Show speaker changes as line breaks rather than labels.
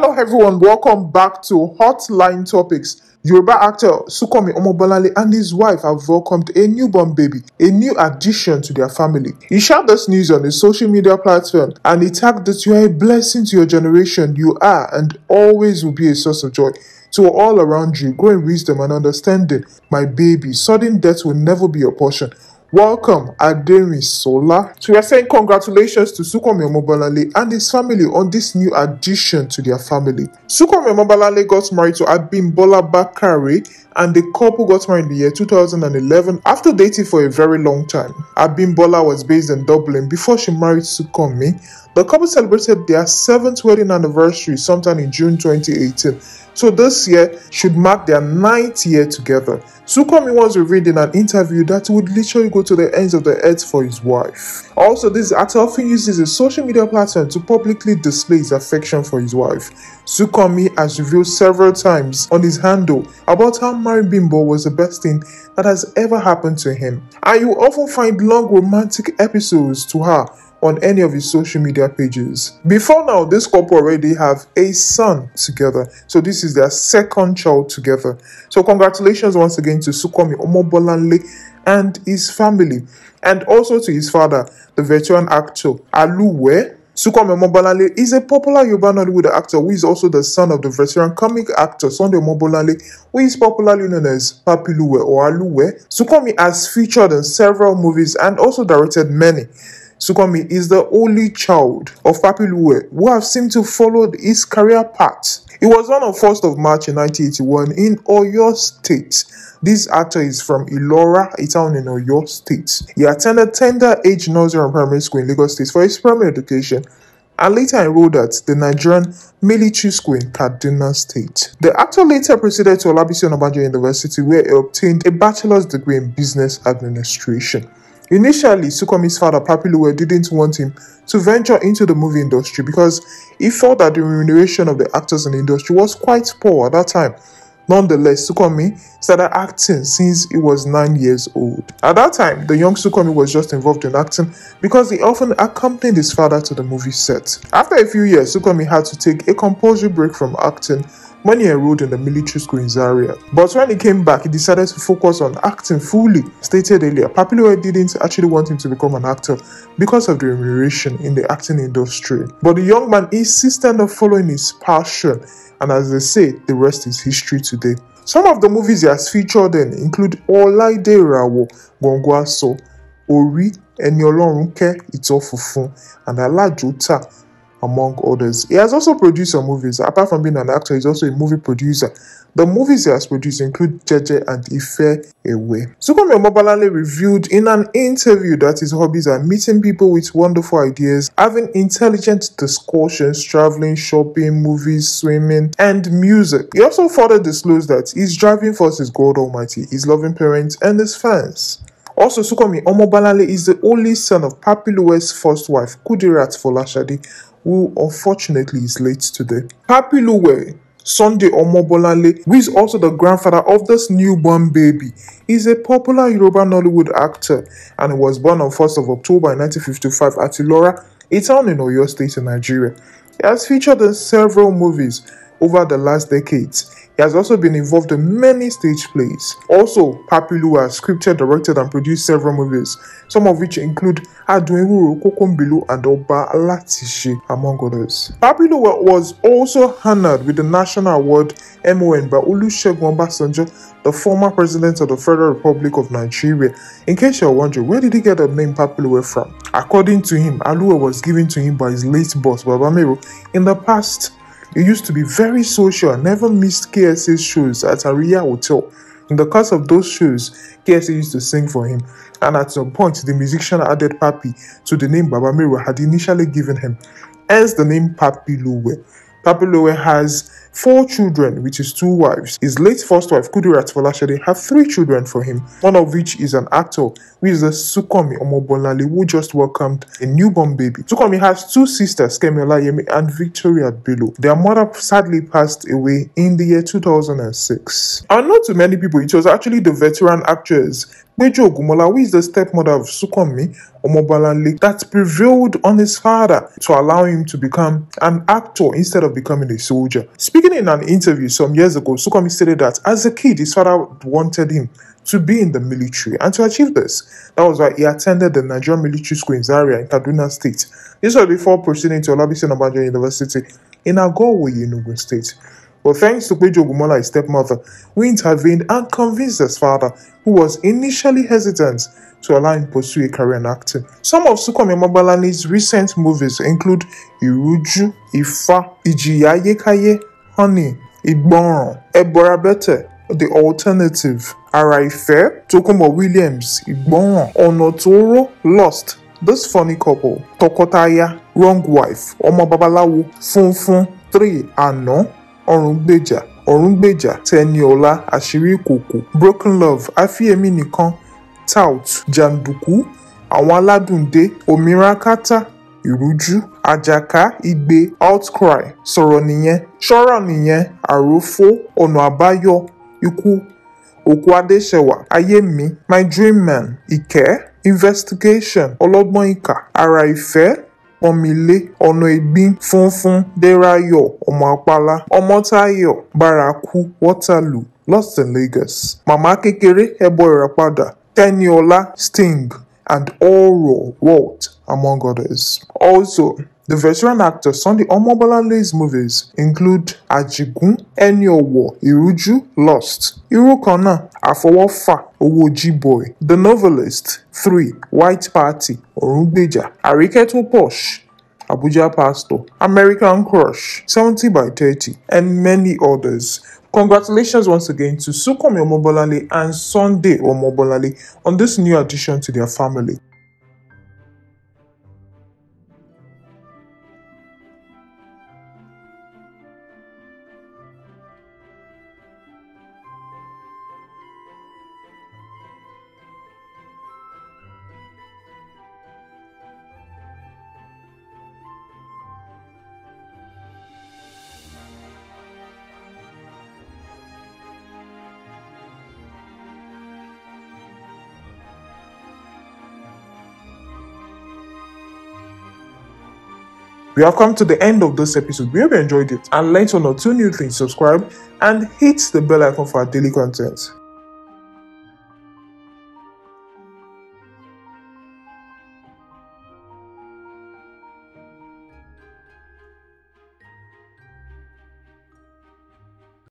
Hello everyone, welcome back to Hotline Topics. Yoruba actor Sukomi Omobolale and his wife have welcomed a newborn baby, a new addition to their family. He shared this news on his social media platform and he tagged that you are a blessing to your generation, you are and always will be a source of joy to all around you. growing wisdom and understanding, my baby. Sudden death will never be your portion. Welcome, Ademi Sola. So we are saying congratulations to Sukomi Omobalale and his family on this new addition to their family. Sukomi Omobalale got married to Abimbola Bakare and the couple got married in the year 2011 after dating for a very long time. Abimbola was based in Dublin before she married Sukomi. The couple celebrated their seventh wedding anniversary sometime in June 2018. So this year should mark their ninth year together. Sukomi once revealed in an interview that would literally go to the ends of the earth for his wife. Also, this actor often uses his social media platform to publicly display his affection for his wife. Sukomi has revealed several times on his handle about how marrying Bimbo was the best thing that has ever happened to him. And you often find long romantic episodes to her on any of his social media pages. Before now, this couple already have a son together. So this is their second child together. So congratulations once again to Sukomi Omobolanle and his family, and also to his father, the veteran actor Aluwe. Sukomi Omobolanle is a popular Yoruba Nollywood actor who is also the son of the veteran comic actor Sunday Omobolanle, who is popularly known as Papiluwe or Aluwe. Sukomi has featured in several movies and also directed many. Sukomi is the only child of Papiluwe who have seemed to follow his career path. He was born on 1st of March in 1981 in Oyo State. This actor is from Ilora, a town in Oyo State. He attended tender age nursery and primary school in Lagos State for his primary education and later enrolled at the Nigerian Military School in Kaduna State. The actor later proceeded to Olabisi Onabanjo University where he obtained a bachelor's degree in business administration. Initially, Sukomi's father, Papiluwe, didn't want him to venture into the movie industry because he felt that the remuneration of the actors in the industry was quite poor at that time. Nonetheless, Sukomi started acting since he was 9 years old. At that time, the young Sukomi was just involved in acting because he often accompanied his father to the movie set. After a few years, Sukomi had to take a compulsory break from acting when he enrolled in the military school in Zaria. But when he came back, he decided to focus on acting fully. Stated earlier, Papilio didn't actually want him to become an actor because of the remuneration in the acting industry. But the young man insisted on following his passion, and as they say, the rest is history today. Some of the movies he has featured in include Olaide Rawo, Gongwaso, Ori, Eni Olorunke, Itofufun, and Alajota, among others. He has also produced some movies. Apart from being an actor, he's also a movie producer. The movies he has produced include Jeje and Ife Ewe. Sukomi Omobalale revealed in an interview that his hobbies are meeting people with wonderful ideas, having intelligent discussions, traveling, shopping, movies, swimming, and music. He also further disclosed that his driving force is God Almighty, his loving parents, and his fans. Also, Sukomi Omobalale is the only son of Papi first wife, Kudirat Folashadi, who unfortunately is late today. Happy Luwe, Sunday Omobolale, who is also the grandfather of this newborn baby, is a popular Yoruba Nollywood actor and was born on 1st of October 1955 at Ilora, a town in Oyo State in Nigeria. He has featured in several movies over the last decades. He has also been involved in many stage plays. Also, Papilua has scripted, directed, and produced several movies, some of which include Adwenwuro, Kokombilu, and Oba Alatishi, among others. Papilua was also honored with the National Award MON by Olusegun Obasanjo, the former president of the Federal Republic of Nigeria. In case you're wondering, where did he get the name Papilua from? According to him, Alua was given to him by his late boss, Babamero, in the past he used to be very social and never missed KSA's shows at Aria Hotel. In the course of those shows, KSA used to sing for him, and at some point, the musician added Papi to the name Baba Miro had initially given him, hence the name Papi Lowe. Papi Lowe has four children with his two wives. His late first wife, Kudirat Folashade, had three children for him, one of which is an actor, which is Sukomi Omobolale, who just welcomed a newborn baby. Sukomi has two sisters, Kemi Olayemi and Victoria Bello. Their mother sadly passed away in the year 2006. And not to many people, it was actually the veteran actress Mejo Gumola, who is the stepmother of Sukomi Omobalanle, that prevailed on his father to allow him to become an actor instead of becoming a soldier. Speaking in an interview some years ago, Sukomi stated that as a kid, his father wanted him to be in the military, and to achieve this, that was why he attended the Nigerian Military School in Zaria in Kaduna State. This was before proceeding to Olabisi Obanjo University in Agowo, Enugu State. But thanks to Pejo Gumola, his stepmother, we intervened and convinced his father, who was initially hesitant to allow him pursue a career in acting. Some of Sukwame Mobalani's recent movies include Iruju, Ifa, Ijiyayekaye, honey ìgbọràn ẹbọra bẹ́tẹ̀ the alternative ara ìfẹ́ Tókunbọ̀ Williams ìgbọràn ọ̀nà tóóró lost this funny couple tọkọtaya wrong wife ọmọ babaláwo funfun three àná ọ̀run gbèjà ọ̀run gbèjà tẹniọlá àṣírí ìkòkò broken love àfíyèmí nìkan tout jàǹdùkú àwọn aládùndé òmìnira kátà ìrújú àjàká igbe outcry sọ̀rọ̀ nìyẹn ṣọ́ra nìyẹn àròfó ọ̀nà àbáyọ ikú òkú adéṣẹwà ayé mi my dream man ìkẹ́ investigation ọlọ́gbọ́n ìkà ara ìfẹ́ pọ́nmilé ọ̀nà ìgbín funfun dérayọ̀ ọmọ àpàlà ọmọ́táyọ̀ bárakú waterloo lost in lagos màmá kékeré ẹbọ ìràpadà tẹniọlá sting and Oro Walt, among others. Also, the veteran actors on the Omobolanle's movies include Ajigun, Eniowo, Iruju, Lost, Irukana, Afowofa, Owoji Boy, The Novelist, 3, White Party, Orungbeja, Ariketu Posh, Abuja Pastor, American Crush, 70 by 30, and many others. Congratulations once again to Sukomi Omobolale and Sunday Omobolale on this new addition to their family. We have come to the end of this episode. We hope you enjoyed it and learned one or two new things. Subscribe and hit the bell icon for our daily content.